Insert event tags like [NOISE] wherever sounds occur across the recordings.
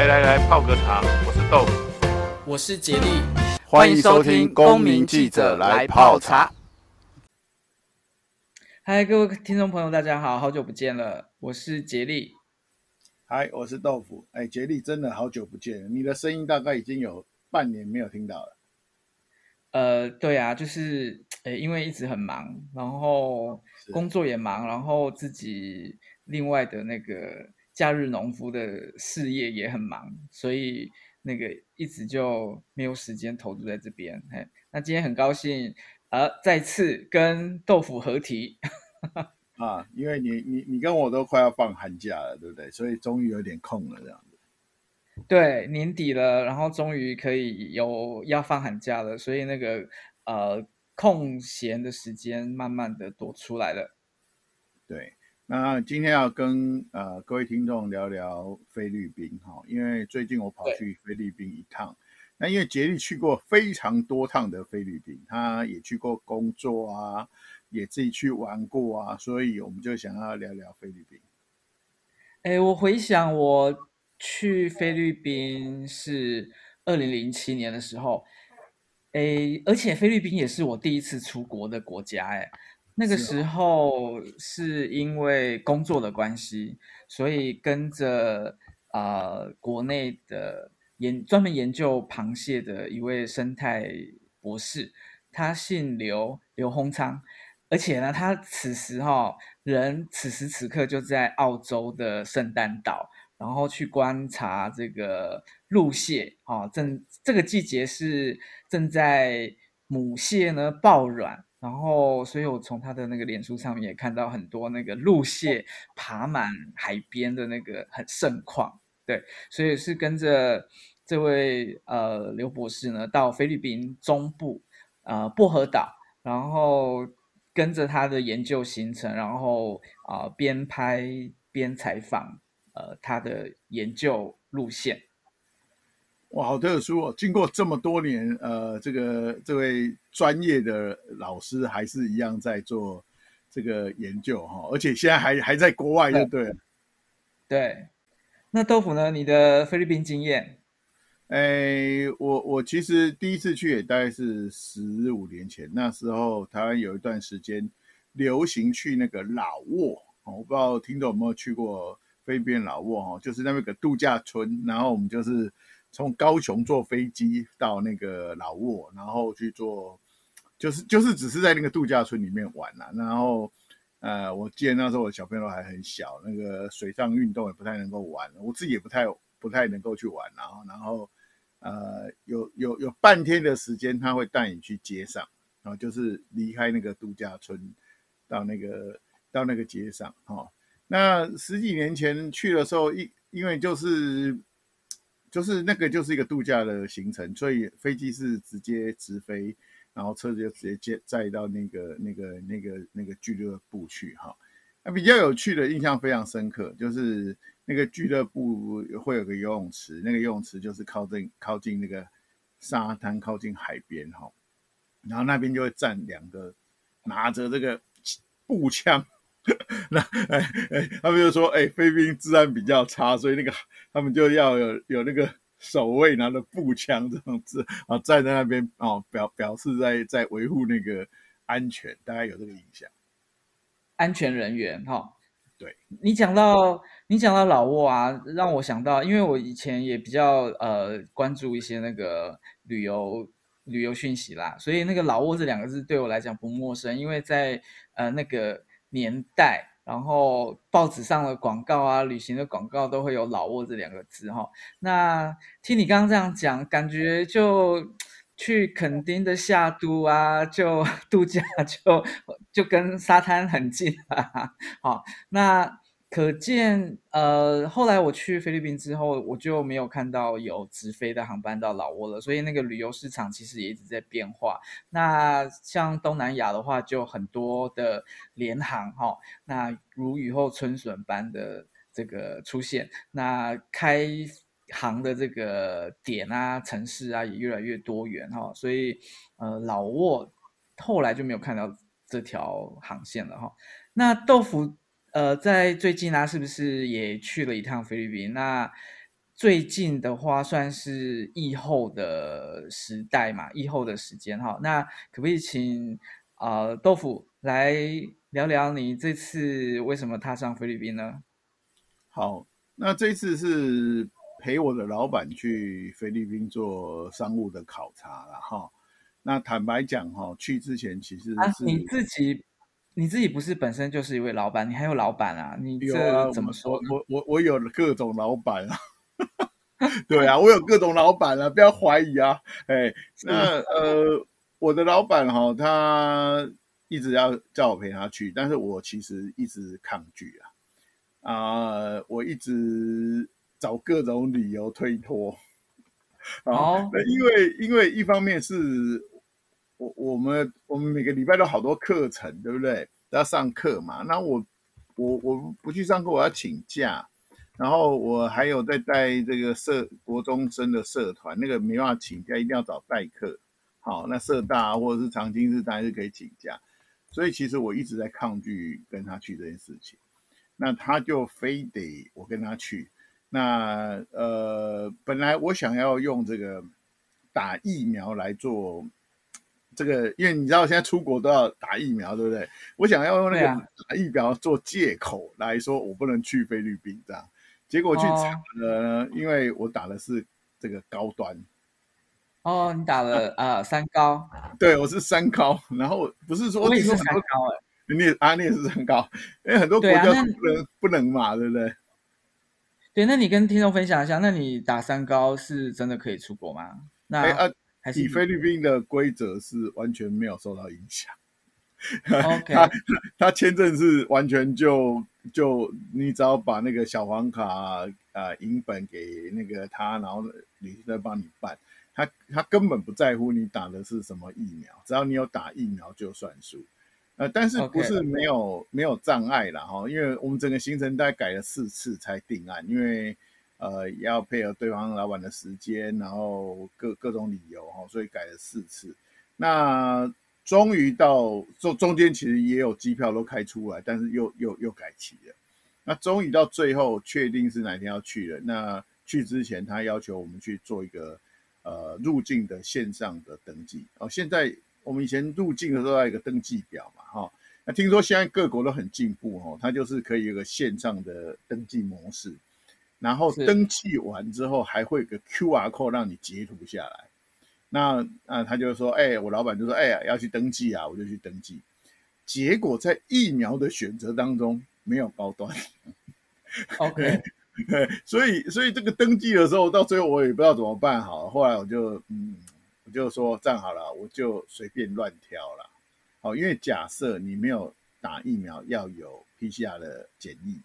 來來來，泡個茶。我是豆腐，我是傑利，歡迎收聽《公民記者來泡茶》。嗨，各位聽眾朋友，大家好，好久不見了。我是傑利，嗨，我是豆腐。哎，傑利，真的好久不見了，你的聲音大概已經有半年沒有聽到了。呃，對啊，就是，哎，因為一直很忙，然後工作也忙，然後自己另外的那個。夏日農夫的事業也很忙，所以那個一直就沒有時間投入在這邊。嘿，那今天很高興，啊、呃，再次跟豆腐合體。 [LAUGHS] 啊，因為你、你、你跟我都快要放寒假了，對不對？所以終於有點空了，這樣子。對，年底了，然後終於可以有要放寒假了，所以那個呃空閒的時間慢慢的多出來了。對。那今天要跟呃各位聽眾聊聊菲律賓哈，因為最近我跑去菲律賓一趟，對那因為傑利去過非常多趟的菲律賓，他也去過工作啊，也自己去玩過啊，所以我們就想要聊聊菲律賓。哎，我回想我去菲律賓是二零零七年的時候，哎，而且菲律賓也是我第一次出國的國家哎。那個時候是因為工作的關係，所以跟着啊、呃、國內的研專，專門研究螃蟹的一位生態博士，他姓劉，劉洪昌，而且呢，他此時哈、哦、人此時此刻就在澳洲的聖誕島，然後去觀察這個陸蟹啊、哦，正這個季節是正在母蟹呢抱卵。然後，所以我從他的那個臉書上面也看到很多那個陸蟹，爬滿海邊的那個很盛況，對，所以是跟着這位呃劉博士呢，到菲律賓中部，呃薄荷島，然後跟着他的研究行程，然後啊、呃、邊拍邊採訪，呃他的研究路線。哇，好特殊哦！經過這麼多年，呃，這個這位專業的老師還是一樣在做這個研究哈，而且現在還還在國外，對，對對？對。那豆腐呢？你的菲律賓經驗？哎，我我其實第一次去也大概是十五年前，那時候台灣有一段時間流行去那個老沃，哦，我不知道聽眾有沒有去過菲律賓老沃哈，就是那邊有個度假村，然後我們就是。從高雄坐飛機到那個老撾，然後去坐，就是就是只是在那個度假村裡面玩啦，啊。然後，呃，我記得那時候我小朋友還很小，那個水上運動也不太能夠玩，我自己也不太不太能夠去玩。然後，然後，呃，有有有半天的時間，他會帶你去街上，然後就是離開那個度假村，到那個到那個街上。哦，那十幾年前去的時候，因因為就是。就是那個，就是一個度假的行程，所以飛機是直接直飛，然後車子就直接接載到那個、那個、那個、那個俱樂部去哈。那比較有趣的印象非常深刻，就是那個俱樂部會有個游泳池，那個游泳池就是靠近靠近那個沙灘、靠近海邊哈。然後那邊就會站兩個拿着這個步槍。那 [LAUGHS] 哎哎，他們就說哎，菲律賓治安比較差，所以那個他們就要有有那個守衛拿着步槍這樣子啊站在那邊哦，表表示在在維護那個安全，大家有這個印象。安全人員哈，哦、對你講到你講到老撾啊，讓我想到，因為我以前也比較呃關注一些那個旅遊旅遊訊息啦，所以那個老撾這兩個字對我來講不陌生，因為在呃那個。年代，然後報紙上的廣告啊，旅行的廣告都會有老撾這兩個字哈、哦。那聽你剛剛這樣講，感覺就去墾丁的夏都啊，就度假就就跟沙灘很近哈、啊、好那。可見，呃，後來我去菲律賓之後，我就沒有看到有直飛的航班到老撾了，所以那個旅遊市場其實也一直在變化。那像東南亞的話，就很多的廉航哈、哦，那如雨後春筍般的這個出現，那開航的這個點啊、城市啊也越來越多元哈、哦。所以，呃，老撾後來就沒有看到這條航線了哈、哦。那豆腐。呃，在最近啊，是不是也去了一趟菲律賓？那最近的話，算是疫後的時代嘛，疫後的時間哈。那可不可以請啊、呃，豆腐來聊聊你這次為什麼踏上菲律賓呢？好，那這次是陪我的老闆去菲律賓做商務的考察了哈。那坦白講哈，去之前其實是、啊、你自己。你自己不是本身就是一位老闆，你還有老闆啊？你這怎麼說、啊？我說我我有各種老闆啊！ [LAUGHS] [LAUGHS] 對啊，我有各種老闆啊，不要懷疑啊！哎，是啊、那呃， [LAUGHS] 我的老闆哈、啊，他一直要叫我陪他去，但是我其實一直抗拒啊啊、呃，我一直找各種理由推脫。哦，因為因為一方面是。我我們我們每個禮拜都好多課程，對不對？要上課嘛。那我我我不去上課，我要請假。然後我還有在帶這個社國中生的社團，那個沒辦法請假，一定要找代課。好，那社大或者是長青日大，大就可以請假。所以其實我一直在抗拒跟他去這件事情。那他就非得我跟他去。那呃，本來我想要用這個打疫苗來做。這個，因為你知道現在出國都要打疫苗，對不對？我想要用那個打疫苗做借口，來說，啊、我不能去菲律賓這樣。結果去查了呢，哦、因為我打的是這個高端。哦，你打了啊，啊三高。對，我是三高。然後不是說你說是三高哎、欸啊，你阿你也是三高，因為很多國家不能、啊、不能嘛，對不對？對，那你跟聽眾分享一下，那你打三高是真的可以出國嗎？那、哎啊以菲律賓的規則是完全沒有受到影響，他他簽證是完全就就你只要把那個小黃卡啊、銀本給那個他，然後你再幫你辦，他他根本不在乎你打的是什麼疫苗，只要你有打疫苗就算數，呃，但是不是沒有沒有障礙啦齁？因為我們整個行程大概改了四次才定案，因為，呃，要配合對方老板的時間，然後各各種理由哈，所以改了四次。那終於到中中間，其實也有機票都開出來，但是又又又改期了。那終於到最後確定是哪天要去了。那去之前，他要求我們去做一個呃入境的線上的登記哦。現在我們以前入境的時候要有一個登記表嘛哈，哦。那聽說現在各國都很進步哦，他就是可以有個線上的登記模式。然後登記完之後，還會有個 QR code 讓你截圖下來。那那他就說，哎，我老闆就說，哎呀，要去登記啊，我就去登記。結果在疫苗的選擇當中，沒有高端，OK。 [LAUGHS] 所以，所以這個登記的時候，到最後我也不知道怎麼辦好。後來我就，嗯，我就說這樣好了，我就隨便亂挑了。好，因為假設你沒有打疫苗，要有 PCR 的檢疫。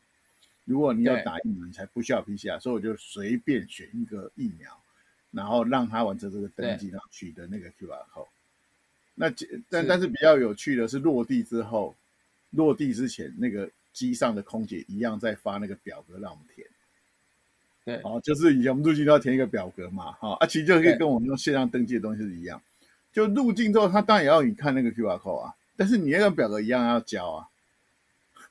如果你要打疫苗，你才不需要 PCR，對所以我就隨便選一個疫苗，然後讓他完成這個登記，然後取得那個 QR code 對。那是但但是比較有趣的是，落地之後，落地之前那個機上的空姐一樣在發那個表格讓我們填。對，好、哦，就是以前我們入境都要填一個表格嘛，哈、哦，啊，其實就可以跟我們用線上登記的東西是一樣。對就入境之後，他當然也要你看那個 QR code 啊，但是你那個表格一樣要交啊，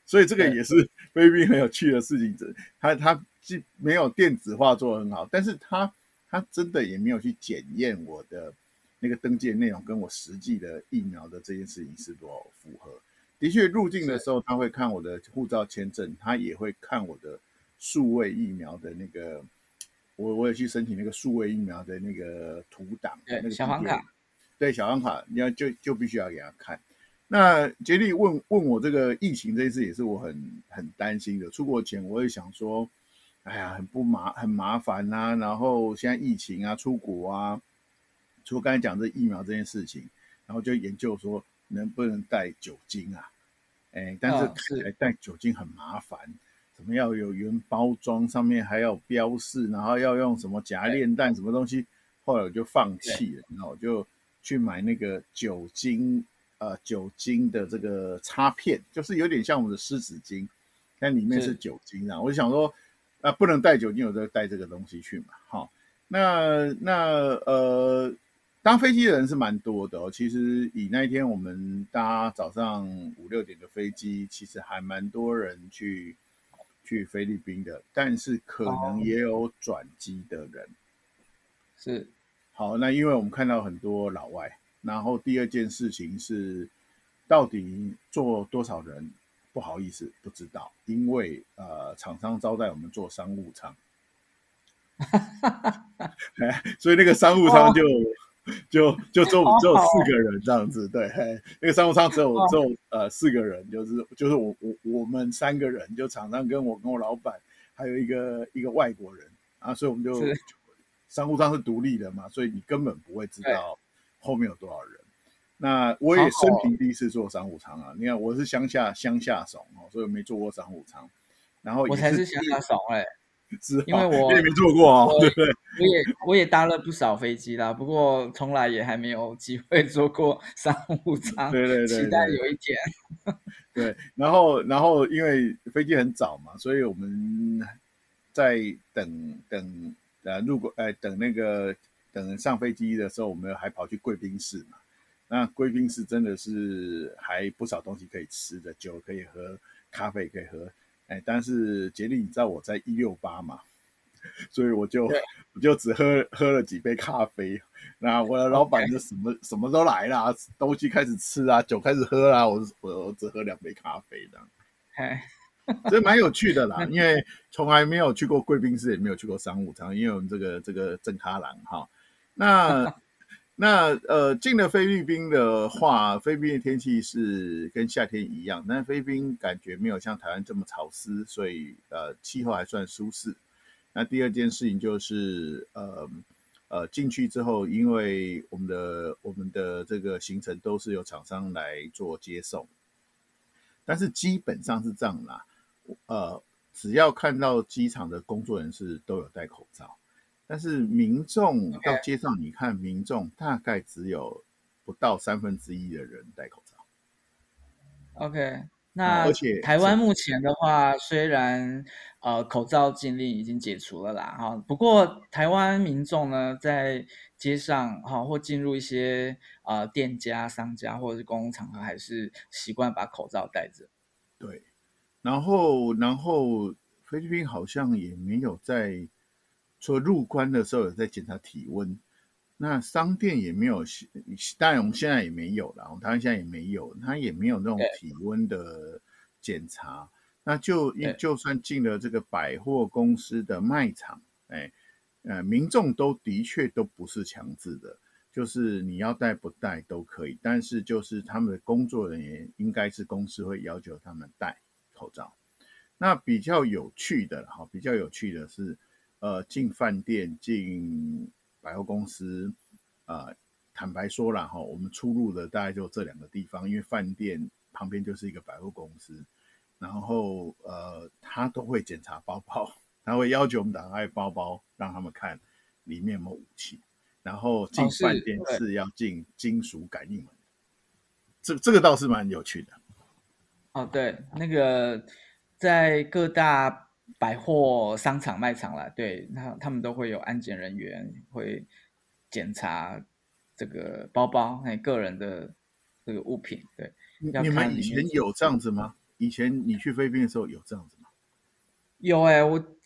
所以這個也是。Baby 很有趣的事情他，他他既沒有電子化做得很好，但是他他真的也沒有去檢驗我的那個登記的內容跟我實際的疫苗的這件事情是否符合。的確入境的時候他會看我的護照簽證，他也會看我的數位疫苗的那個我，我我也去申請那個數位疫苗的那個圖檔，對小黃卡，對小黃卡，你要就就必須要給他看。那杰利問問我這個疫情這一次也是我很很擔心的。出國前我也想說，哎呀，很不麻很麻煩呐、啊。然後現在疫情啊，出國啊，除了剛才講這疫苗這件事情，然後就研究說能不能帶酒精啊？哎，但是帶酒精很麻煩，怎、嗯、麼要有原包裝上面還要有標示，然後要用什麼夾鏈袋什麼東西，後來我就放棄了，對然後我就去買那個酒精。呃，酒精的這個擦片，就是有點像我們的濕紙巾，但裡面是酒精啊，是我就想說，啊、呃，不能帶酒精，我就帶這個東西去嘛？好，那那呃，搭飛機的人是蠻多的哦。其實以那一天我們搭早上五六點的飛機，其實還蠻多人去去菲律賓的，但是可能也有轉機的人。哦、是。好，那因為我們看到很多老外。然後第二件事情是，到底坐多少人？不好意思，不知道，因為呃，廠商招待我們坐商務艙，哈哈哈。所以那個商務艙就就就只有只有四個人這樣子，對，那個商務艙只有只有呃四個人，就是就是我我我們三個人，就廠商跟我跟我老板，還有一個一個外國人啊，所以我們就，就商務艙是獨立的嘛，所以你根本不會知道。後面有多少人？那我也生平第一次坐商務艙啊！好好你看，我是鄉下鄉下慫，所以沒坐過商務艙。然後我才是鄉下慫哎，好因為我也沒坐過啊、哦。對也對，我也我也搭了不少飛機啦， [LAUGHS] 不過從來也還沒有機會坐過商務艙。對對對，對，期待有一天。對，然後然後因為飛機很早嘛，所以我們在等等、啊、過呃，路過、呃等那個。等上飛機的時候，我們還跑去貴賓室嘛？那貴賓室真的是還不少東西可以吃的，酒可以喝，咖啡可以喝。哎，但是傑利，你知道我在一六八嘛？所以我就我就只喝喝了幾杯咖啡。那我的老闆就什麼什麼都來啦，東西開始吃啊，酒開始喝啦。我我我只喝兩杯咖啡這樣，哎，所以蠻有趣的啦，因為從來沒有去過貴賓室，也沒有去過商務艙，因為我們這個這個正咖郎哈。 [LAUGHS] 那那呃，進了菲律賓的話，菲律賓的天氣是跟夏天一樣，但菲律賓感覺沒有像台灣這麼潮濕，所以呃，氣候還算舒適。那第二件事情就是呃呃，進、呃、去之後，因為我們的我們的這個行程都是由廠商來做接送，但是基本上是這樣啦，呃，只要看到機場的工作人士都有戴口罩。但是民眾到街上，你看民眾大概只有不到三分之一的人戴口罩。OK，那台灣目前的話，雖然呃口罩禁令已經解除了啦，哈，不過台灣民眾呢在街上哈或進入一些呃店家、商家或者是公共場合，還是習慣把口罩戴着。對，然後然後菲律賓好像也沒有在。說入關的時候有在檢查體溫，那商店也沒有，但我們現在也沒有了，然後台灣現在也沒有，他也沒有那種體溫的檢查。哎、那就就算進了這個百貨公司的賣場，哎，呃，民眾都的確都不是強制的，就是你要戴不戴都可以，但是就是他們的工作人員應該是公司會要求他們戴口罩。那比較有趣的哈，比較有趣的是。呃，進飯店、進百貨公司啊、呃，坦白說了哈、哦，我們出入的大概就這兩個地方，因為飯店旁邊就是一個百貨公司，然後呃，他都會檢查包包，他會要求我們打開包包，讓他們看裡面有沒有武器。然後進飯店是要進金屬感應門，哦、這這個倒是蠻有趣的。哦，對，那個在各大。百貨商場賣場啦，對，那他們都會有安檢人員會檢查這個包包、個人的這個物品。對，你，你們以前有這樣子嗎？以前你去菲律賓的時候有這樣子嗎？有誒、欸、我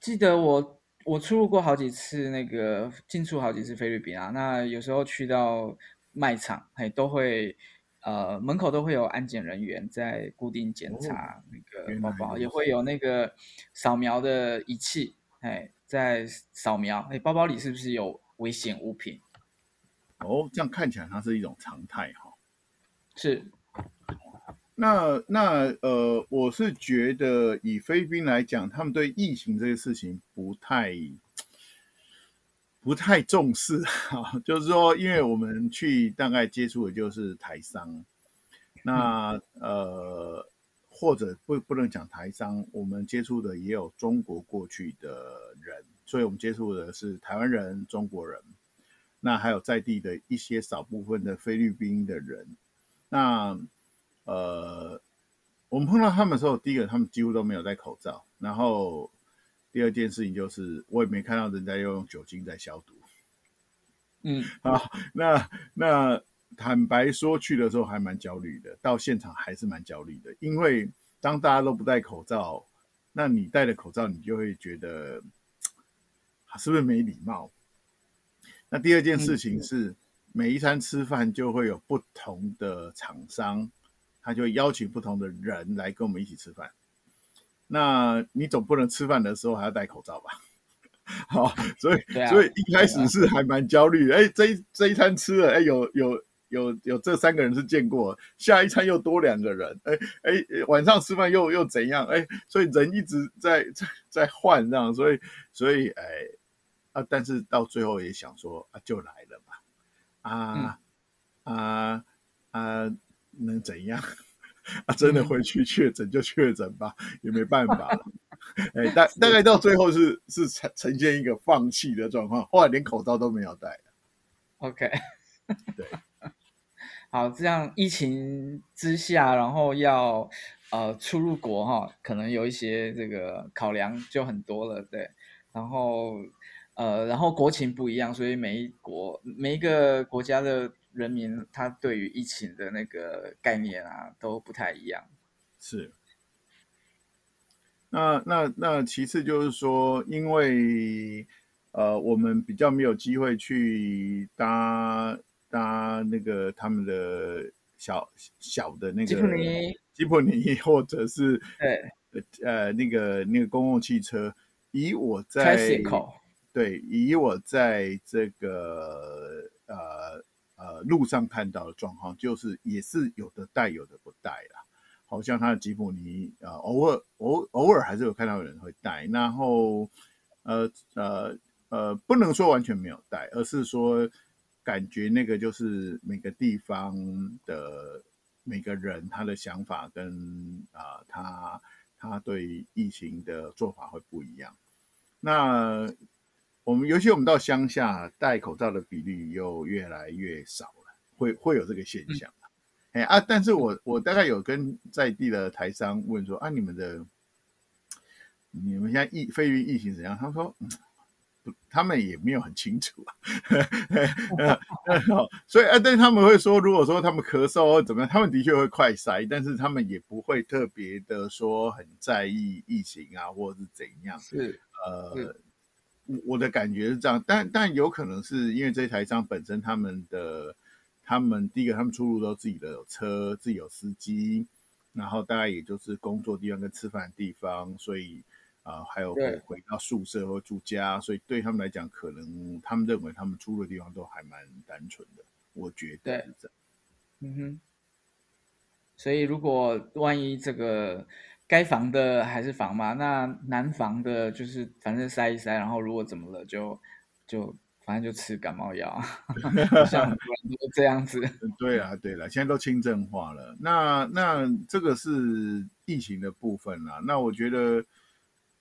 記得我我出入過好幾次，那個進出好幾次菲律賓啊。那有時候去到賣場，嘿，都會。呃，門口都會有安檢人員在固定檢查那個包包，也會有那個掃描的儀器，哎，在掃描，哎、欸，包包裡是不是有危險物品？哦，這樣看起來它是一種常態哈、哦。是。那那呃，我是覺得以菲律賓來講，他們對疫情這個事情不太。不太重視哈、啊，就是說，因為我們去大概接觸的就是台商，那呃或者不不能講台商，我們接觸的也有中國過去的人，所以我們接觸的是台灣人、中國人，那還有在地的一些少部分的菲律賓的人，那呃我們碰到他們的時候，第一個他們幾乎都沒有戴口罩，然後。第二件事情就是，我也沒看到人家要用酒精在消毒。嗯，嗯，好，那那坦白說，去的時候還蠻焦慮的，到現場還是蠻焦慮的，因為當大家都不戴口罩，那你戴了口罩，你就會覺得是不是沒禮貌。那第二件事情是，每一餐吃飯就會有不同的廠商，他就會邀請不同的人來跟我們一起吃飯。那你總不能吃飯的時候還要戴口罩吧？ [LAUGHS] [LAUGHS] 好，所以所以一開始是還蠻焦慮。哎、 [LAUGHS] 啊欸，這一這一餐吃了，哎、欸，有有有有這三個人是見過，下一餐又多兩個人。哎、欸、哎、欸，晚上吃飯又又怎樣？哎、欸，所以人一直在在在換，這樣，所以所以哎、欸、啊，但是到最後也想說啊，就來了吧。啊、嗯、啊啊，啊，能怎樣？啊，真的回去確診就確診吧，也沒辦法了。哎、 [LAUGHS] 欸，大大概到最後是是呈呈現一個放棄的狀況，後來連口罩都沒有戴了。OK， [LAUGHS] 對，好，這樣疫情之下，然後要呃出入國哈、哦，可能有一些這個考量就很多了。對，然後呃，然後國情不一樣，所以每一國每一個國家的。人民他對於疫情的那個概念啊都不太一樣，是。那那那其次就是說，因為呃，我們比較沒有機會去搭搭那個他們的小小的那個吉普尼吉普尼，普尼或者是對呃那個那個公共汽車。以我在對，以我在這個呃。呃，路上看到的狀況就是，也是有的帶，有的不帶啦。好像他的吉普尼，呃，偶爾、偶偶爾還是有看到有人會帶。然後，呃呃呃，不能說完全沒有帶，而是說感覺那個就是每個地方的每個人他的想法跟啊、呃、他他對疫情的做法會不一樣。那我們尤其我們到鄉下，戴口罩的比例又越來越少了，會會有這個現象啊、嗯、哎啊！但是我我大概有跟在地的台商問說：啊，你們的你們現在疫肺炎疫情怎樣？他們說，不，他們也沒有很清楚、啊。 [LAUGHS] [LAUGHS] 所以啊，但他們會說，如果說他們咳嗽或怎麼樣，他們的確會快篩，但是他們也不會特別的說很在意疫情啊，或者是怎樣？是呃。我的感覺是這樣，但但有可能是因為這台商本身他們的，他們第一個他們出入都自己的車，自己有司機，然後大概也就是工作地方跟吃飯的地方，所以啊、呃、還有回回到宿舍或住家，對所以對他們來講，可能他們認為他們出入的地方都還蠻單純的，我覺得是這樣對，嗯哼，所以如果萬一這個。該防的還是防嘛，那難防的就是反正是塞一塞，然後如果怎麼了就就反正就吃感冒藥，像這樣子。對啊，對啊，現在都輕症化了，那那這個是疫情的部分啦。那我覺得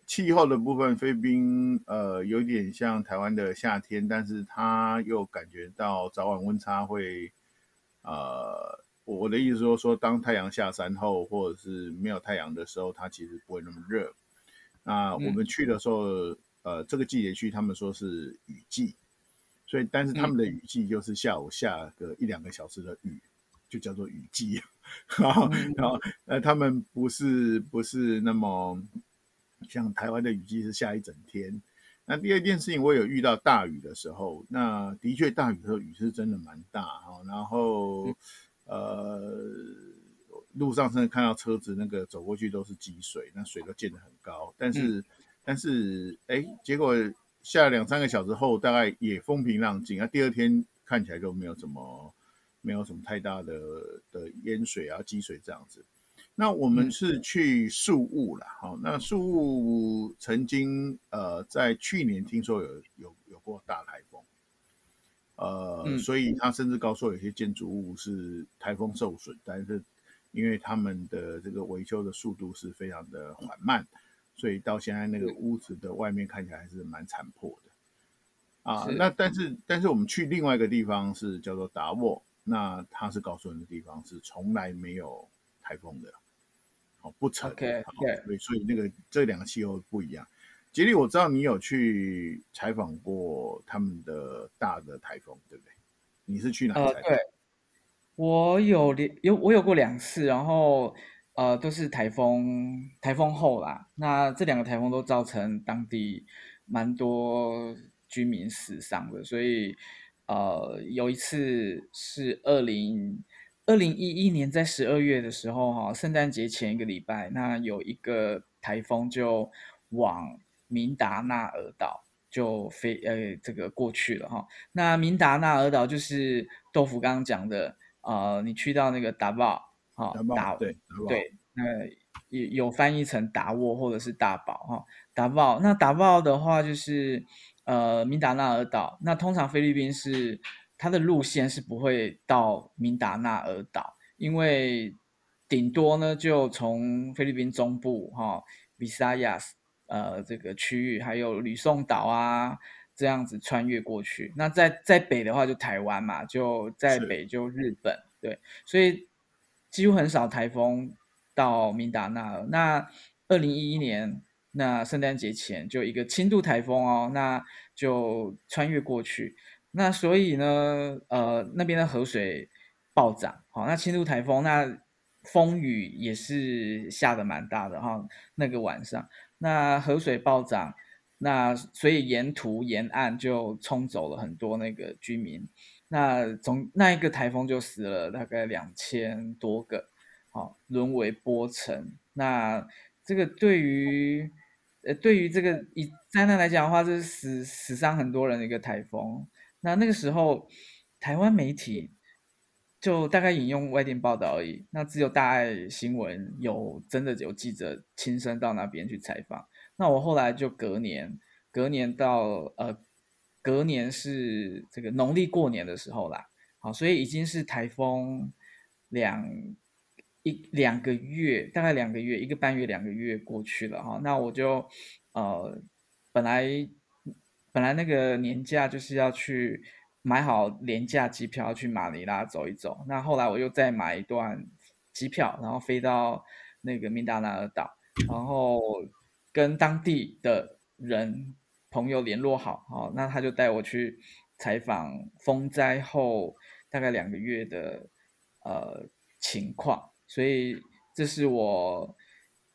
氣候的部分，菲律賓呃有點像台灣的夏天，但是它又感覺到早晚溫差會呃。我的意思說，說當太陽下山後，或者是沒有太陽的時候，它其實不會那麼熱。那我們去的時候，嗯、呃，這個季節去，他們說是雨季，所以但是他們的雨季就是下午下個一兩個小時的雨，嗯、就叫做雨季。然後，嗯然後呃、他們不是不是那麼像台灣的雨季是下一整天。那第二件事情，我有遇到大雨的時候，那的確大雨的時候雨是真的蠻大，然後。嗯呃，路上甚至看到車子那個走過去都是積水，那水都濺得很高。但是，嗯、但是，哎、欸，結果下了兩三個小時後，大概也風平浪靜。那、啊、第二天看起來就沒有什麼，嗯、沒有什麼太大的的淹水啊、積水這樣子。那我們是去宿霧了，好、嗯哦，那宿霧曾經呃，在去年聽說有有有過大颱風。呃，所以他甚至告訴有些建築物是台風受損，嗯、但是因為他們的這個維修的速度是非常的緩慢，所以到現在那個屋子的外面看起來還是蠻殘破的。嗯、啊，那但是，是、嗯、但是我們去另外一個地方是叫做達沃，那他是告訴我們的地方是從來沒有台風的，哦，不成，對 Okay, okay. 所，所以那個這兩個氣候不一樣。傑利，我知道你有去採訪過他們的大的台風，對不對？你是去哪採訪、呃？對，我有兩有我有過兩次，然後呃都是台風台風後啦。那這兩個台風都造成當地蠻多居民死傷的，所以呃有一次是二零二零一一年在十二月的時候，哈、哦，聖誕節前一個禮拜，那有一個台風就往。明達納爾島就飛呃這個過去了哈。那明達納爾島就是豆腐剛講的啊、呃，你去到那個達寶，達寶達對，那有、個、有翻譯成達沃或者是大寶哈達寶。那達寶的話就是呃明達納爾島。那通常菲律賓是它的路線是不會到明達納爾島，因為頂多呢就從菲律賓中部哈比薩亞斯，呃，這個區域還有呂宋島啊，這樣子穿越過去。那在在北的話，就台灣嘛，就在北就日本，是對，所以幾乎很少颱風到明達那。那二零一一年，那聖誕節前就一個輕度颱風哦，那就穿越過去。那所以呢，呃，那邊的河水暴漲，好、哦，那輕度颱風，那風雨也是下得蠻大的哈、哦，那個晚上。那河水暴漲，那所以沿途沿岸就沖走了很多那個居民。那從那一個台風就死了大概兩千多個，好、哦、淪為波城。那這個對於呃對於這個以災難來講的話，這是死死傷很多人的一個台風。那那個時候台灣媒體。就大概引用外電報道而已，那只有大愛新聞有真的有記者親身到那邊去採訪。那我後來就隔年，隔年到呃，隔年是這個農曆過年的時候啦，好，所以已經是台風兩一兩個月，大概兩個月，一個半月，兩個月過去了哈。那我就呃，本來本來那個年假就是要去。買好廉價機票去馬尼拉走一走，那後來我又再買一段機票，然後飛到那個民答那峨島，然後跟當地的人朋友聯絡好，好，那他就帶我去採訪風災後大概兩個月的呃情況，所以這是我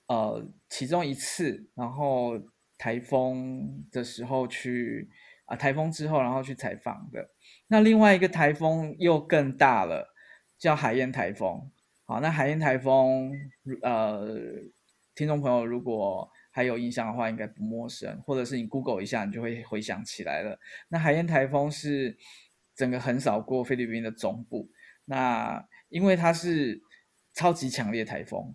呃其中一次，然後颱風的時候去。啊，颱風之後，然後去採訪的。那另外一個颱風又更大了，叫海燕颱風。好，那海燕颱風，呃，聽眾朋友如果還有印象的話，應該不陌生，或者是你 Google 一下，你就會回想起來了。那海燕颱風是整個橫掃過菲律賓的中部。那因為它是超級強烈颱風，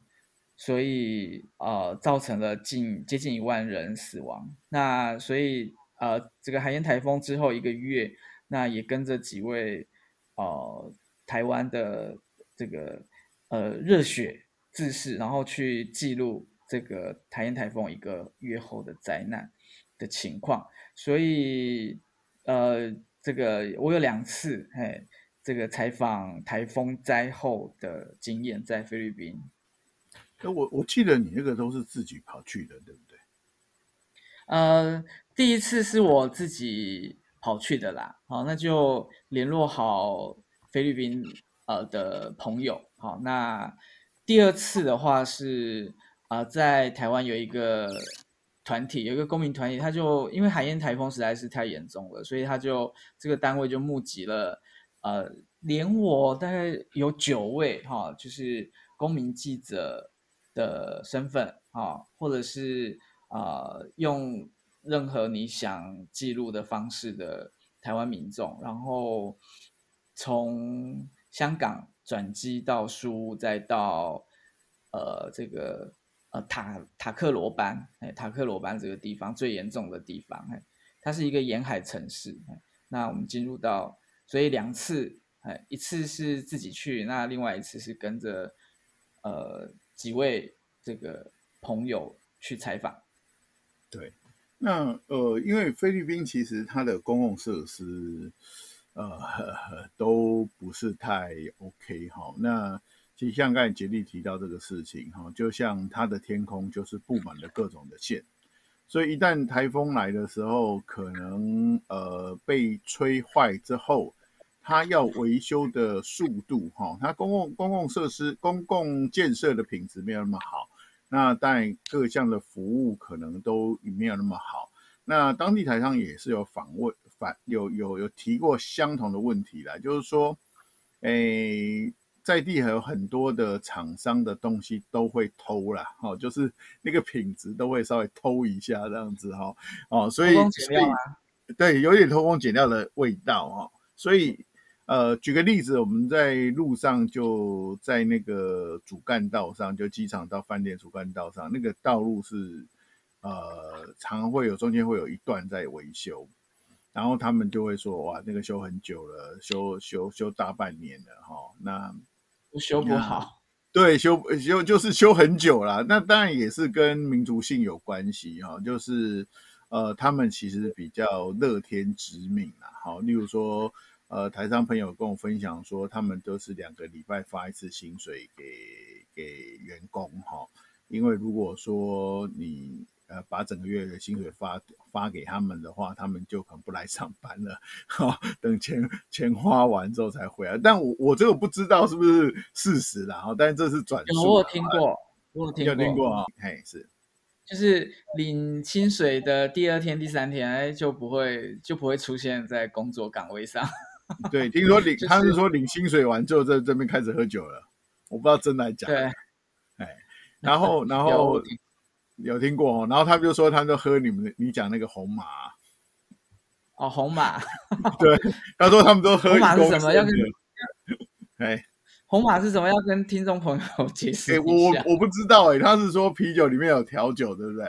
所以呃，造成了近接近一萬人死亡。那所以。呃，這個海燕颱風之後一個月，那也跟着幾位呃台灣的這個呃熱血志士，然後去記錄這個台燕颱風一個月後的災難的情況。所以呃，這個我有兩次嘿，這個採訪颱風災後的經驗在菲律賓。那我我記得你那個都是自己跑去的，對？呃，第一次是我自己跑去的啦，好、哦，那就聯絡好菲律賓呃的朋友，好、哦，那第二次的話是啊、呃，在台灣有一個團體，有一個公民團體，他就因為海燕台風實在是太嚴重了，所以他就這個單位就募集了，呃，連我大概有九位哈、哦，就是公民記者的身份啊、哦，或者是。啊、呃，用任何你想記錄的方式的台灣民眾，然後從香港轉機到書，再到呃這個呃塔塔克羅班，哎，塔克羅班，欸，塔克羅班這個地方最嚴重的地方、欸，它是一個沿海城市，欸、那我們進入到所以兩次，哎、欸，一次是自己去，那另外一次是跟着呃幾位這個朋友去採訪。對，那呃，因為菲律賓其實它的公共設施呃都不是太 OK 哈。那其實像剛才傑利提到這個事情哈，就像它的天空就是布滿了各種的線，所以一旦台風來的時候，可能呃被吹壞之後，它要維修的速度哈，它公共公共設施，公共建設的品質沒有那麼好。那當然，各項的服務可能都沒有那麼好。那當地台商也是有訪問反有有有提過相同的問題啦，就是說，誒，在地還有很多的廠商的東西都會偷啦，哈，就是那個品質都會稍微偷一下這樣子，哈，哦，所以對，有點偷工減料的味道，哈，所以。呃，舉個例子，我們在路上就在那個主幹道上，就機場到飯店主幹道上，那個道路是，呃，常會有中間會有一段在維修，然後他們就會說，哇，那個修很久了，修修修大半年了，哈、哦，那修不好，嗯、對，修修就是修很久了，那當然也是跟民族性有關係，哈、哦，就是，呃，他們其實比較樂天殖民知命了，好、哦，例如說。呃，台商朋友跟我分享說，他們都是兩個禮拜發一次薪水給給員工哈、哦。因為如果說你呃把整個月的薪水發發給他們的話，他們就可能不來上班了哈、哦。等錢錢花完之後才回來。但我我這個不知道是不是事實啦，哈、哦，但是這是轉述有我聽過，我有聽過，嗯、有聽過啊。嘿，是，就是領薪水的第二天、第三天，哎，就不會就不會出現在工作崗位上。對，聽說領，就是、他是說領薪水完之後在這邊開始喝酒了，我不知道真的假的。對、哎，然後，然後聽有聽過哦，然後他們就說他們喝你們，你講那個紅馬。哦，紅馬。對，他說他們都喝。紅馬是什麼？要跟哎，紅馬是什麼？要跟聽眾朋友解釋一下、哎、我我不知道哎，他是說啤酒裡面有調酒，對不對？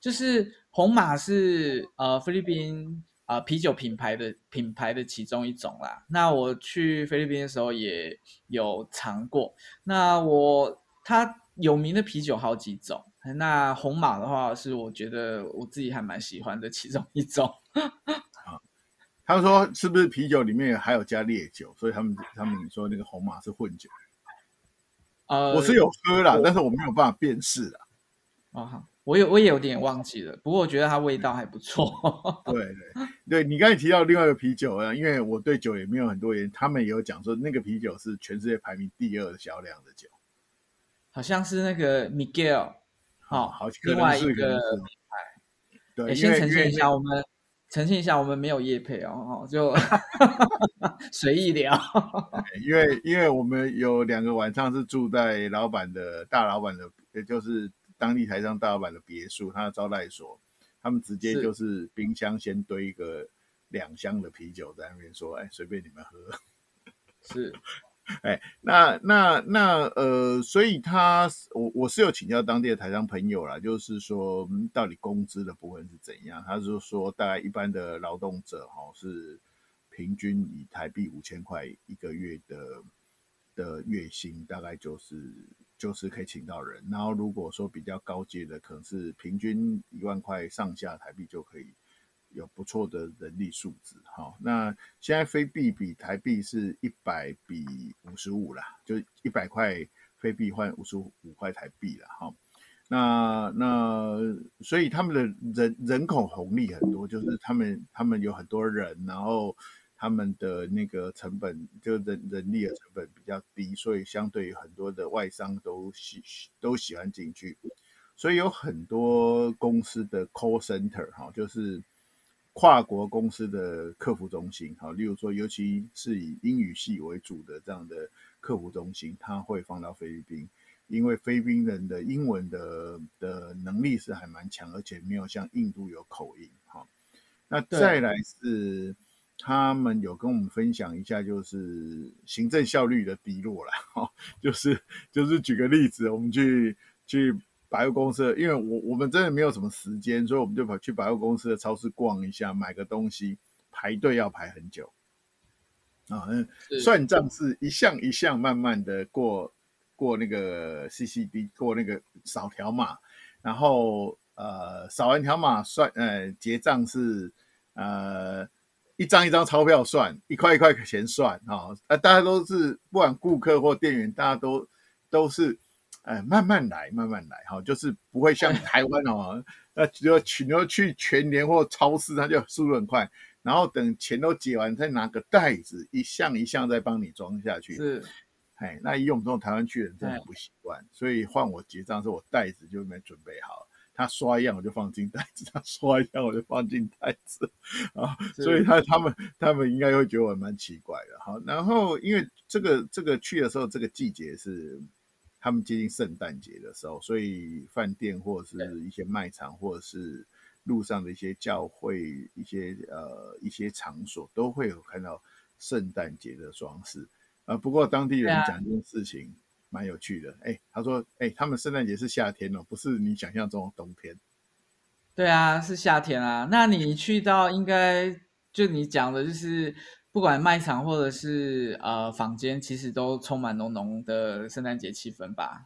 就是紅馬是呃，菲律賓。啊、呃，啤酒品牌的品牌的其中一種啦。那我去菲律賓的時候也有嘗過。那我它有名的啤酒好幾種。那紅馬的話是我覺得我自己還蠻喜歡的其中一種 [LAUGHS] 、啊。他們說是不是啤酒裡面還有加烈酒？所以他們他們說那個紅馬是混酒。呃，我是有喝啦，我但是我沒有辦法辨識啦。啊，好我有我也有點忘記了，不過我覺得它味道還不錯。對對對,對，你剛才提到另外一個啤酒啊，因為我對酒也沒有很多研他們也有講說那個啤酒是全世界排名第二銷量的酒，好像是那個 Miguel、哦。好，好，另外一個。哎，對，先澄清一下，我們為澄清一下，我們沒有業配哦，就 [LAUGHS] 隨意聊。因為因為我們有兩個晚上是住在老板的大老板的，也就是。當地台商大老板的別墅，他的招待所，他們直接就是冰箱先堆一個兩箱的啤酒在那邊，說，哎是，隨、欸、便你們喝。是，哎、欸，那那那呃，所以他我我是有請教當地的台商朋友啦，就是說、嗯、到底工資的部分是怎樣？他就說大概一般的勞動者哈是平均以台幣五千塊一個月的的月薪，大概就是。就是可以請到人，然後如果說比較高階的，可能是平均一萬塊上下台幣就可以有不錯的人力素質，哈。那現在菲幣比台幣是一百比五十五啦，就一百塊菲幣換五十五塊台幣啦，哈。那那所以他們的人人口紅利很多，就是他們他們有很多人，然後。他們的那個成本，就人人力的成本比較低，所以相對於很多的外商都喜都喜歡進去，所以有很多公司的 call center 哈，就是跨國公司的客服中心哈，例如說，尤其是以英語系為主的這樣的客服中心，他會放到菲律賓，因為菲律賓人的英文的的能力是還蠻強，而且沒有像印度有口音哈。那再來是。他們有跟我們分享一下，就是行政效率的低落了，齁，就是就是舉個例子，我們去去百貨公司，因為我我們真的沒有什麼時間，所以我們就跑去百貨公司的超市逛一下，買個東西，排隊要排很久，啊，算賬是一項一項慢慢的過過那個 C C D，過那個掃條碼，然後呃掃完條碼算呃結賬是呃。一張一張鈔票算，一塊一塊錢算啊！啊，大家都是，不管顧客或店員，大家都都是，哎，慢慢來，慢慢來哈，就是不會像台灣哦，那就你要去全聯或超市，它就速度很快。然後等錢都結完，再拿個袋子，一項一項再幫你裝下去。是，哎，那以我們這種台灣去的人真的不習慣，唉所以換我結賬的時候，我袋子就沒準備好。他刷一樣我就放進袋子，他刷一樣我就放進袋子啊，是不是，所以他他們他們應該會覺得我蠻奇怪的。好，然後因為這個這個去的時候，這個季節是他們接近聖誕節的時候，所以飯店或是一些賣場或者是路上的一些教會對一些呃一些場所都會有看到聖誕節的裝飾啊。不過當地人講這件事情，蠻有趣的，哎、欸,他說，哎、欸，他們聖誕節是夏天哦，不是你想象中的冬天。對啊，是夏天啊。那你去到，應該就你講的，就是不管賣場或者是呃房間，其實都充滿濃濃的聖誕節氣氛吧？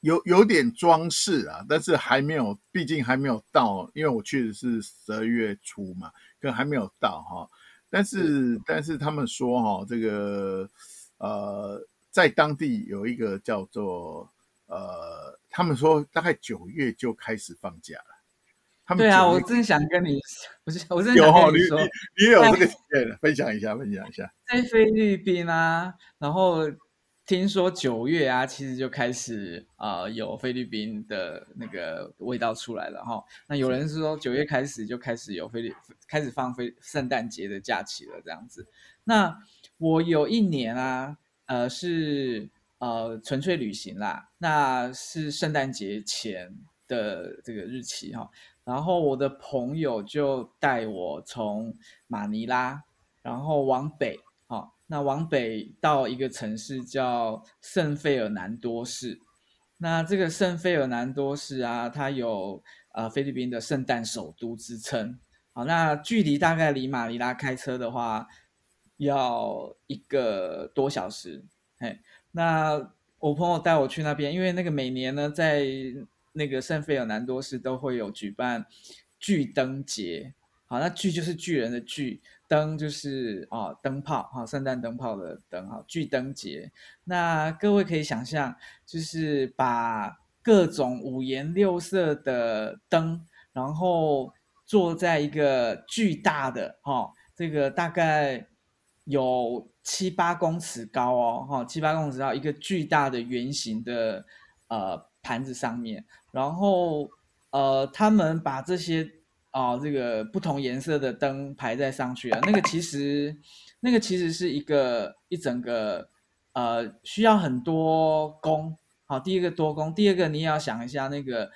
有有點裝飾啊，但是還沒有，畢竟還沒有到，因為我去的是十二月初嘛，可還沒有到哈。但是、嗯、但是他們說哈、哦，這個呃。在當地有一個叫做呃，他們說大概九月就開始放假了。他們對啊，我正想跟你，是， [LAUGHS] 我正想跟你說，有哦、你， [LAUGHS] 你有這個經驗， [LAUGHS] 分享一下，分享一下。在菲律賓啊，然後聽說九月啊，其實就開始啊、呃，有菲律賓的那個味道出來了哈。那有人是說九月開始就開始有菲律開始放菲聖誕節的假期了，這樣子。那我有一年啊。呃，是呃，純粹旅行啦。那是聖誕節前的這個日期哈、哦。然後我的朋友就帶我從馬尼拉，然後往北，好、哦，那往北到一個城市叫聖費爾南多市。那這個聖費爾南多市啊，它有，呃，菲律賓的聖誕首都之稱。好、哦，那距離大概離馬尼拉開車的話。要一個多小時嘿，那我朋友帶我去那邊，因為那個每年呢，在那個聖費爾南多市都會有舉辦巨燈節。好，那巨就是巨人的巨，燈就是啊、哦、燈泡，好、哦，聖誕燈泡的燈，好、哦，巨燈節。那各位可以想象，就是把各種五顏六色的燈，然後坐在一個巨大的，哈、哦，這個大概，有七八公尺高哦，哈、哦，七八公尺高，一個巨大的圓形的呃盤子上面，然後呃，他們把這些啊、呃、這個不同顏色的燈排在上去啊，那個其實那個其實是一個一整個呃需要很多工，好、哦，第一個多工，第二個你也要想一下那個。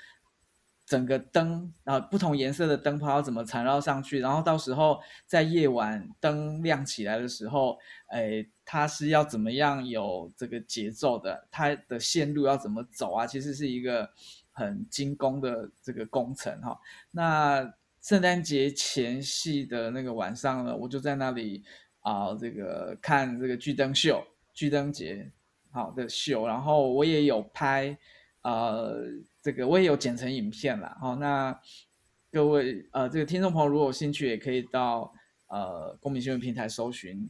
整個燈啊、呃，不同顏色的燈泡要怎麼纏繞上去？然後到時候在夜晚燈亮起來的時候，誒，它是要怎麼樣有這個節奏的？它的線路要怎麼走啊？其實是一個很精工的這個工程哈、哦。那聖誕節前夕的那個晚上呢，我就在那裡啊、呃，這個看這個巨燈秀、巨燈節好的、哦、秀，然後我也有拍。呃，這個我也有剪成影片了。好、哦，那各位呃，這個聽眾朋友如果有興趣，也可以到呃，公民新聞平台搜尋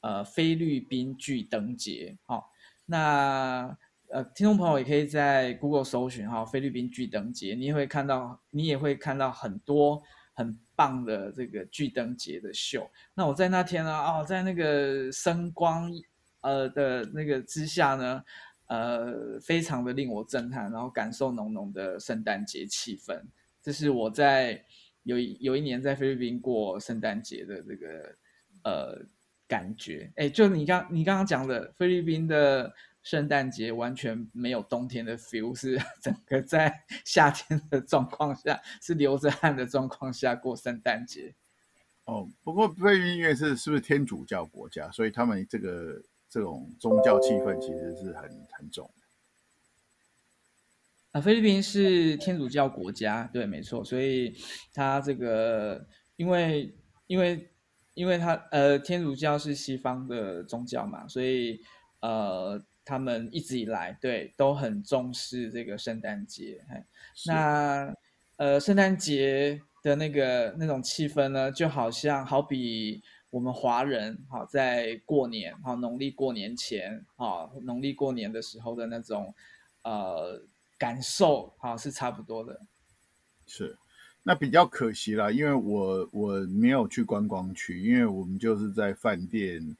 呃，菲律賓巨燈節。好、哦，那呃，聽眾朋友也可以在 Google 搜尋哈、哦，菲律賓巨燈節，你也會看到，你也會看到很多很棒的這個巨燈節的秀。那我在那天呢、啊，哦，在那個聲光呃的那個之下呢。呃，非常的令我震撼，然後感受濃濃的聖誕節氣氛。這是我在有一有一年在菲律賓過聖誕節的這個呃感覺。哎，就你剛你剛剛講的，菲律賓的聖誕節完全沒有冬天的 feel，是整個在夏天的狀況下，是流着汗的狀況下過聖誕節。哦，不過菲律賓因為是是不是天主教國家，所以他們這個。這種宗教氣氛其實是很很重的啊，呃。菲律賓是天主教國家，對，沒錯，所以他這個因為因為因為他呃天主教是西方的宗教嘛，所以呃他們一直以來對都很重視這個聖誕節。是那呃聖誕節的那個那種氣氛呢，就好像好比。我們華人啊在過年啊，農曆過年前啊，農曆過年的時候的那種呃感受啊是差不多的。是，那比較可惜啦，因為我我沒有去觀光區，因為我們就是在飯店。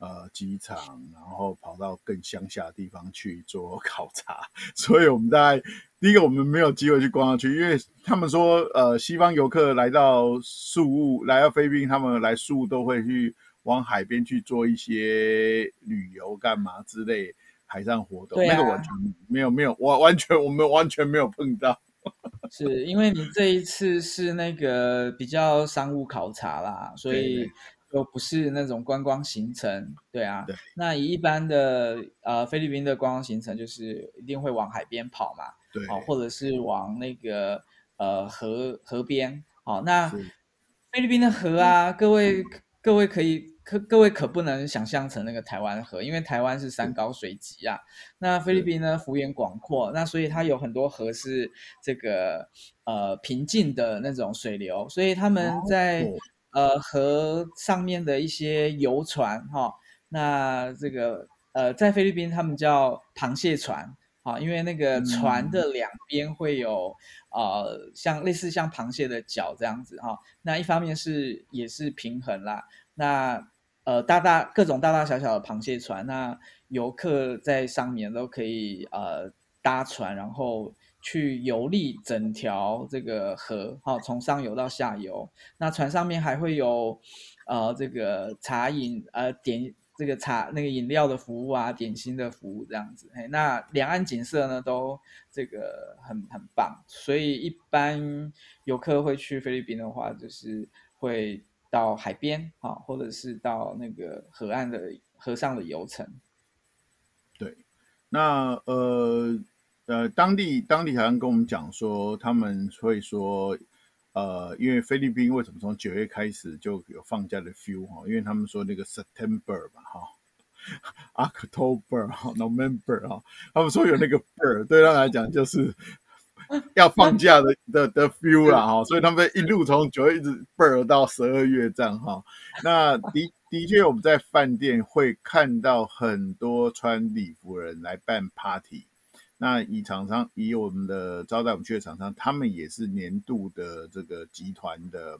呃，機場，然後跑到更鄉下的地方去做考察，所以我們在第一個，我們沒有機會去逛上去，因為他們說，呃，西方遊客來到宿霧，來到菲律賓，他們來宿霧都會去往海邊去做一些旅遊幹嘛之類海上活動，對啊、那個完全，沒有沒有，完完全我們完全沒有碰到， [LAUGHS] 是因為你這一次是那個比較商務考察啦，所以對對。又不是那種觀光行程，對啊，對那一般的呃菲律賓的觀光行程，就是一定會往海邊跑嘛，對、哦，或者是往那個呃河河邊，好、哦，那菲律賓的河啊，是各位各位可以可各位可不能想象成那個台灣河，因為台灣是山高水急啊，對那菲律賓呢幅員廣闊，那所以它有很多河是這個呃平靜的那種水流，所以他們在。呃，和上面的一些遊船哈、哦，那這個呃，在菲律賓他們叫螃蟹船啊、哦，因為那個船的兩邊會有、嗯、呃，像類似像螃蟹的腳這樣子哈、哦。那一方面是也是平衡啦，那呃，大大各種大大小小的螃蟹船，那遊客在上面都可以呃搭船，然後，去遊歷整條這個河，好、哦，從上游到下游。那船上面還會有，呃，這個茶飲，呃，點這個茶那個飲料的服務啊，點心的服務這樣子。那兩岸景色呢，都這個很很棒。所以一般遊客會去菲律賓的話，就是會到海邊啊、哦，或者是到那個河岸的河上的遊程。對，那呃。呃，當地當地好像跟我們講說，他們會說，呃，因為菲律賓為什麼從九月開始就有放假的 feel 哈？因為他們說那個 September 嘛，哈，October 哈，November 哈，他們說有那個 bird，對他來講就是要放假的 [LAUGHS] 的的，的 feel 啦哈，所以他們一路從九月一直 bird 到十二月這樣哈。那的的確我們在飯店會看到很多穿禮服人來辦 party。那以廠商，以我們的招待我們去的廠商，他們也是年度的這個集團的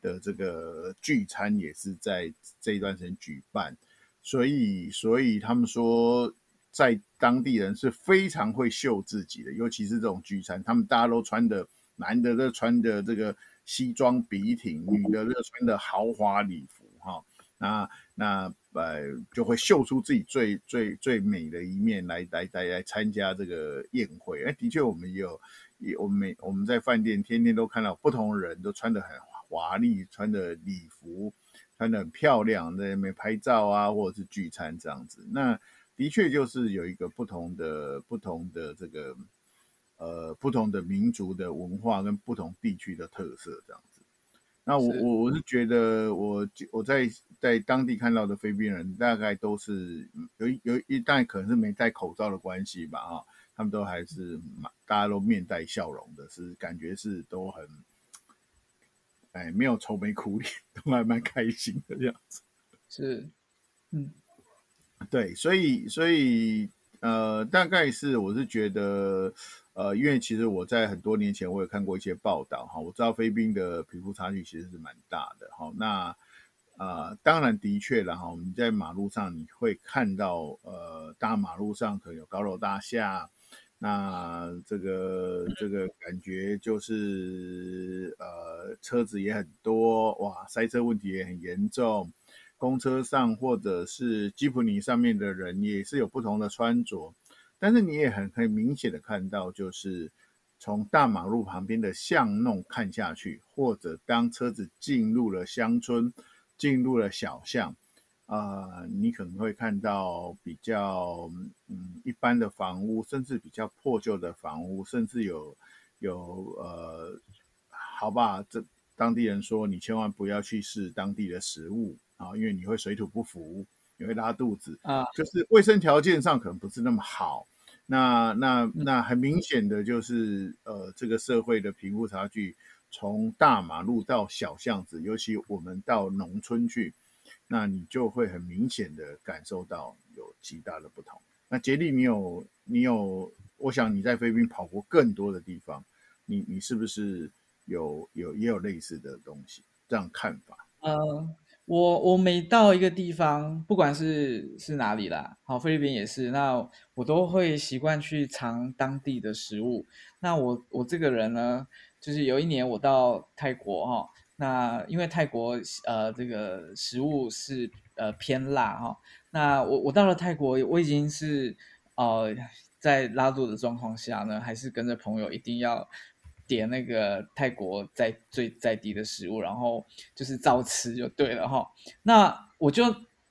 的這個聚餐，也是在這一段時間舉辦，所以所以他們說，在當地人是非常會秀自己的，尤其是這種聚餐，他們大家都穿的，男的都穿的這個西裝筆挺，女的都穿的豪華禮服，哈，那那。呃，來就會秀出自己最最最美的一面來來來來，來參加這個宴會。哎，的確，我們也有，有我們我們在飯店天天都看到不同人都穿得很華麗，穿的禮服，穿得很漂亮，在那邊拍照啊，或者是聚餐這樣子。那的確就是有一個不同的不同的這個呃不同的民族的文化跟不同地區的特色這樣子。那我我我是覺得，我我在在當地看到的菲賓人，大概都是有有一代可能是沒戴口罩的關係吧，哈，他們都還是大家都面帶笑容的，是感覺是都很，哎，沒有愁眉苦臉，都還蠻開心的這樣子。是，嗯，對，所以所以呃，大概是我是覺得。呃，因為其實我在很多年前我也看過一些報道哈，我知道菲律賓的貧富差距其實是蠻大的哈。那啊、呃，當然的確啦。哈，你在馬路上你會看到呃，大馬路上可能有高樓大廈，那這個這個感覺就是呃，車子也很多哇，塞車問題也很嚴重。公車上或者是吉普尼上面的人也是有不同的穿着。但是你也很很明顯的看到，就是從大馬路旁邊的巷弄看下去，或者當車子進入了鄉村，進入了小巷，啊、呃，你可能會看到比較嗯一般的房屋，甚至比較破舊的房屋，甚至有有呃好吧，這當地人說，你千萬不要去試當地的食物啊，因為你會水土不服。也會拉肚子啊，就是衛生條件上可能不是那麼好。那那那很明顯的，就是呃，這個社會的貧富差距，從大馬路到小巷子，尤其我們到農村去，那你就會很明顯的感受到有極大的不同。那傑利，你有你有，我想你在菲律賓跑過更多的地方，你你是不是有有也有類似的東西這樣看法？嗯。我我每到一個地方，不管是是哪裡啦，好，菲律賓也是，那我都會習慣去嘗當地的食物。那我我這個人呢，就是有一年我到泰國哈、哦，那因為泰國呃這個食物是呃偏辣哈、哦，那我我到了泰國，我已經是呃在拉肚的狀況下呢，還是跟着朋友一定要點那個泰國在最在地的食物，然後就是照吃就對了哈、哦。那我就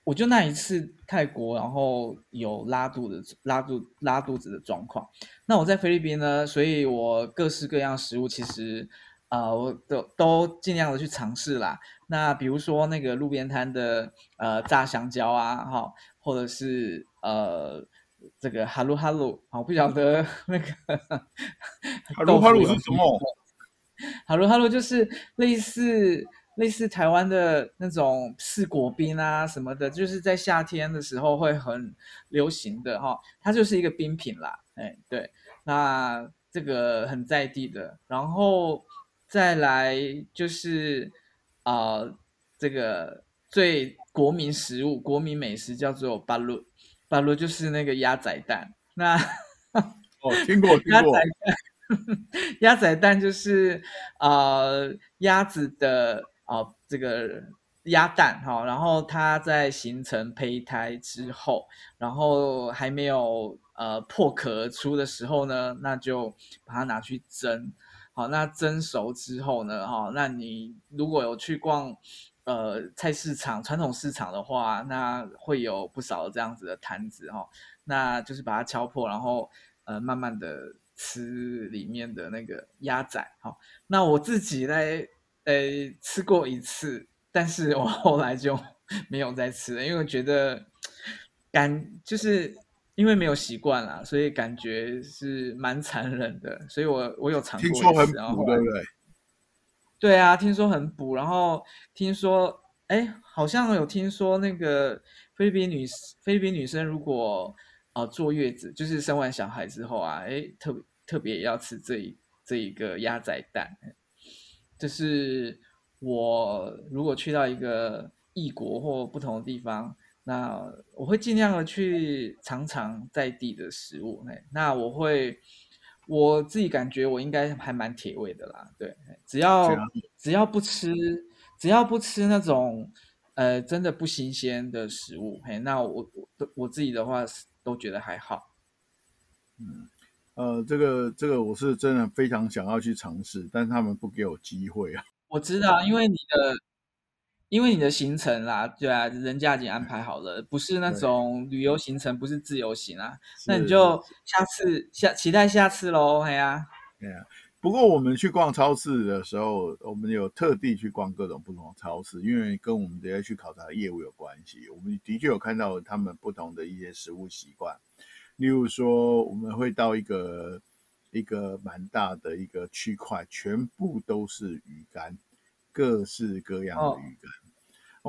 我就那一次泰國，然後有拉肚子拉肚子拉肚子的狀況。那我在菲律賓呢，所以我各式各樣的食物其實，啊、呃，我都都盡量的去嘗試啦。那比如說那個路邊攤的呃炸香蕉啊，哈，或者是呃。這個哈魯哈魯，哈哈，我不曉得那個哈魯哈魯是什麼。哈魯哈魯就是類似類似台灣的那種四果冰啊什麼的，就是在夏天的時候會很流行的哈、哦，它就是一個冰品啦。哎，對，那這個很在地的。然後再來就是啊、呃，這個最國民食物、國民美食叫做巴魯。Balut 就是那個鴨仔蛋，那哦聽過聽過鴨仔蛋，鴨仔蛋就是呃鴨子的哦這個鴨蛋哈、哦，然後它在形成胚胎之後，然後還沒有呃破殼而出的時候呢，那就把它拿去蒸，好、哦、那蒸熟之後呢哈、哦，那你如果有去逛。呃，菜市場，傳統市場的話，那會有不少這樣子的攤子哈、哦。那就是把它敲破，然後呃，慢慢的吃裡面的那個鴨仔哈、哦。那我自己嘞，呃，吃過一次，但是我後來就沒有再吃了，因為我覺得感，感就是因為沒有習慣了、啊，所以感覺是蠻殘忍的。所以我我有嚐過一次，聽說很苦，然後，對不對？對啊，聽說很補。然後聽說，哎，好像有聽說那個菲律賓女菲律賓女生，如果啊、呃、坐月子，就是生完小孩之後啊，哎，特特別要吃這一這一個鴨仔蛋。就是我如果去到一個異國或不同的地方，那我會盡量的去嘗嘗在地的食物。哎，那我會。我自己感覺我應該還蠻鐵胃的啦，對，只要只要不吃，只要不吃那種，呃，真的不新鮮的食物，嘿，那我我我自己的話，都覺得還好。嗯，呃，這個這個我是真的非常想要去嘗試，但是他們不給我機會啊。我知道，因為你的。因為你的行程啦，對啊，人家已經安排好了，對不是那種旅遊行程，對不是自由行啊，是那你就下次下期，待下次嘍，哎呀、啊，哎呀、啊，不過我們去逛超市的時候，我們有特地去逛各種不同的超市，因為跟我們等下去考察的業務有關係，我們的確有看到他們不同的一些食物習慣，例如說我們會到一個一個蠻大的一個區塊，全部都是魚乾。各式各樣的魚乾、哦哦，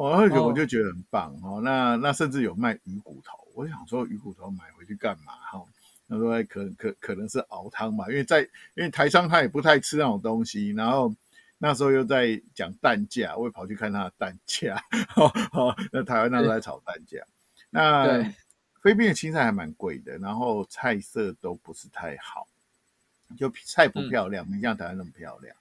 我而且我就覺得很棒哦，哦。那那甚至有賣魚骨頭，我想說魚骨頭買回去幹嘛？哈、哦，他說可可可能是熬湯嘛，因為在因為台商他也不太吃那種東西。然後那時候又在講蛋價，我也跑去看他的蛋價、哦哦，那台灣那時候在炒蛋價。嗯、那對菲律賓的青菜還蠻貴的，然後菜色都不是太好，就菜不漂亮，嗯、沒像台灣那麼漂亮。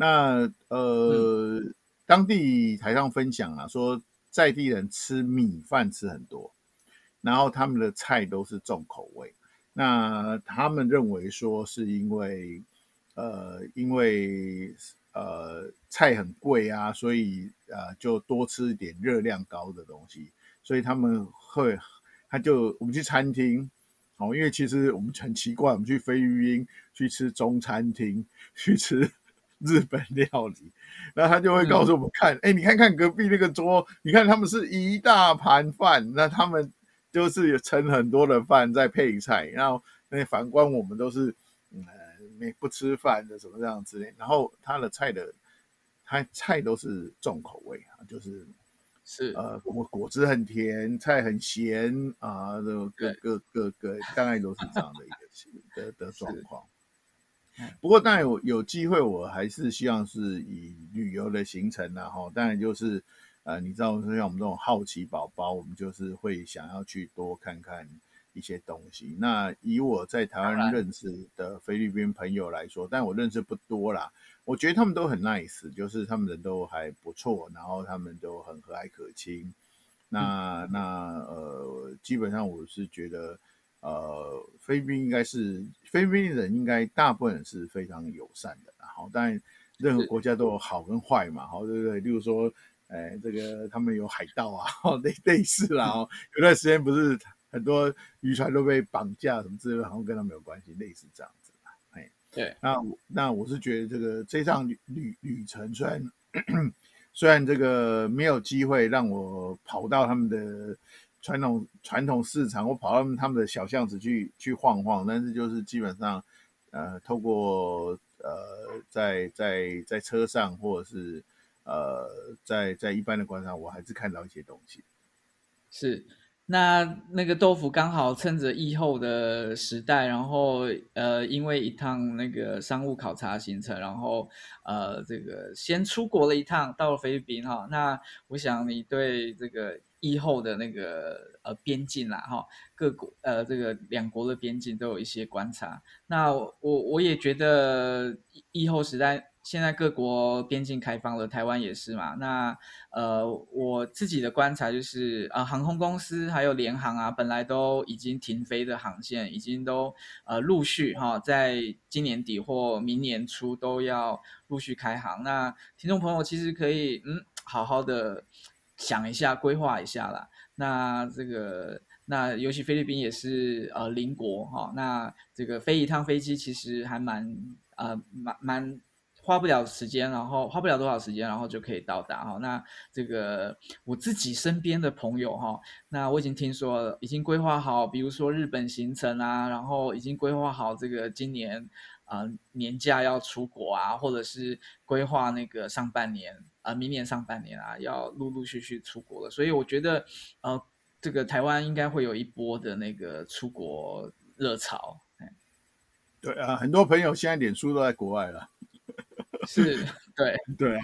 那呃，嗯、當地台上分享啊，說在地人吃米飯吃很多，然後他們的菜都是重口味。那他們認為說是因為，呃，因為呃菜很貴啊，所以呃就多吃一點熱量高的東西。所以他們會，他就我們去餐廳，哦，因為其實我們很奇怪，我們去菲律賓去吃中餐廳去吃日本料理，那他就會告訴我們看，哎、嗯，你看看隔壁那個桌，你看他們是一大盤飯，那他們就是有盛很多的飯，再配菜，然後那反觀我們都是，呃、嗯，沒不吃飯的什麼這樣子，然後他的菜的，他菜都是重口味啊，就是是呃，果果汁很甜，菜很鹹啊，這、呃、各對各各各，各大概都是這樣的一個 [LAUGHS] 的的、的狀況。不過，當然有機會，我還是希望是以旅遊的行程。然後當然就是，呃，你知道，就像我們這種好奇寶寶，我們就是會想要去多看看一些東西。那以我在台灣認識的菲律賓朋友來說，但我認識不多啦，我覺得他們都很 nice，就是他們人都還不錯，然後他們都很和藹可親。那那呃，基本上我是覺得。呃，菲律賓應該是菲律賓人，應該大部分人是非常友善的，然後，哦，但任何國家都有好跟壞嘛，好對不對？例如說，哎，這個他們有海盜啊，哦、類類似啦、哦，有段時間不是很多漁船都被綁架什麼之類的，好像跟他們有關係，類似這樣子啦，哎，對。那那我是覺得這個這趟旅旅旅程，雖然咳咳雖然這個沒有機會讓我跑到他們的。傳統傳統市場，我跑到他們的小巷子去去晃晃。但是就是基本上，呃，透過呃，在在在車上，或者是呃，在在一般的觀察，我還是看到一些東西。是，那那個豆腐剛好趁着疫後的時代，然後呃，因為一趟那個商務考察行程，然後呃，這個先出國了一趟，到了菲律賓哈、哦。那我想你對這個。疫後的那個呃邊境啦、啊、哈,各國呃這個兩國的邊境都有一些觀察。那我我也覺得疫後時代，現在各國邊境開放了，台灣也是嘛。那呃我自己的觀察就是啊、呃，航空公司還有聯航啊，本來都已經停飛的航線，已經都呃陸續哈、哦，在今年底或明年初都要陸續開航。那聽眾朋友其實可以嗯好好的。想一下，規劃一下啦，那這個，那尤其菲律賓也是呃鄰國哈。那這個飛一趟飛機其實還蠻呃蠻蠻花不了時間，然後花不了多少時間，然後就可以到達哈。那這個我自己身邊的朋友哈，那我已經聽說了，已經規劃好，比如說日本行程啊，然後已經規劃好這個今年啊年假要出國啊，或者是規劃那個上半年。明年上半年啊，要陸陸續續出國了，所以我覺得，呃，這個台灣應該會有一波的那個出國熱潮。對，對啊，很多朋友現在臉書都在國外了。 [LAUGHS] 是，對，對啊。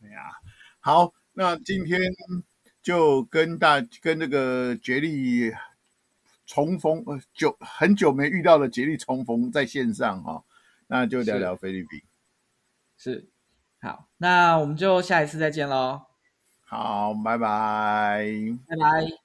對啊。好，那今天就跟大跟那個傑利重逢，呃，久很久沒遇到的傑利重逢，在線上哈、哦，那就聊聊菲律賓。是。那我們就下一次再見嘍。好，拜拜。拜拜。